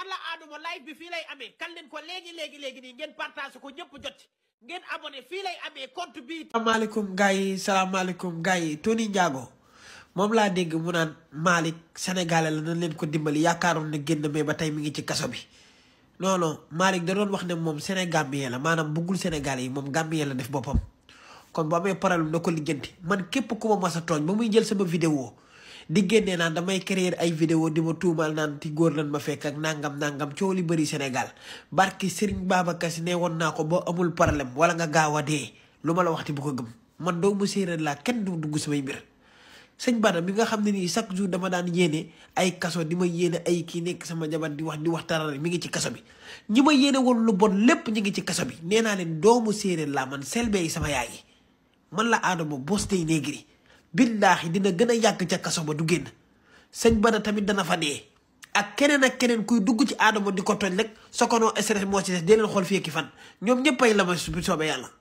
alla aaduma live bi fii lay amee kan leen ko léegi léegi léegi nii ngeen partage ko ñëpp jot ngeen abonné fii lay amee compte bi. salaamaaleykum gars yi salaamaaleykum gars yi Tony moom laa dégg mu naan Malick sénégalais la nañ leen ko dimbali yaakaaroon ne génn mais ba tey mi ngi ci kaso bi. non non Malick da doon wax ne moom Sénégambien la maanaam buggul Sénégalais yi moom Gambien la def boppam kon bu amee problème na ko lijjanti man képp ku ma sa a tooñ ba muy jël sama vidéo di génnee naan damay créer ay video di ma tuumaal naan ti góor lan ma fekk ak nangam nangam coow li bëri Sénégal barki Serigne Babacar Sy ne woon naa ko ba amul problème wala nga gaaw a dee lu ma la wax waxti bu ko gëm man doomu séeréer laa kenn du dugg samay mbir. sëñ Bada mi nga xam ne nii chaque jour dama daan yéene ay kaso di ma yéene ay kii nekk sama jabar di wax di wax mi ngi ci kaso bi ñi ma yéene woon lu bon lépp ñi ngi ci kaso bi nee naa leen doomu séeréer laa man Selbé yi sama yaay yi man la Adama Bos tey Negri billaahi dina gën a yàgg ca kaso ba du génn sëñ Bada tamit dana fa dee ak keneen ak keneen kuy dugg ci aadama di ko toj rek Sokono SRS moo ci des dee leen xool fii ak fan ñoom ñëppay la ma soobee yàlla.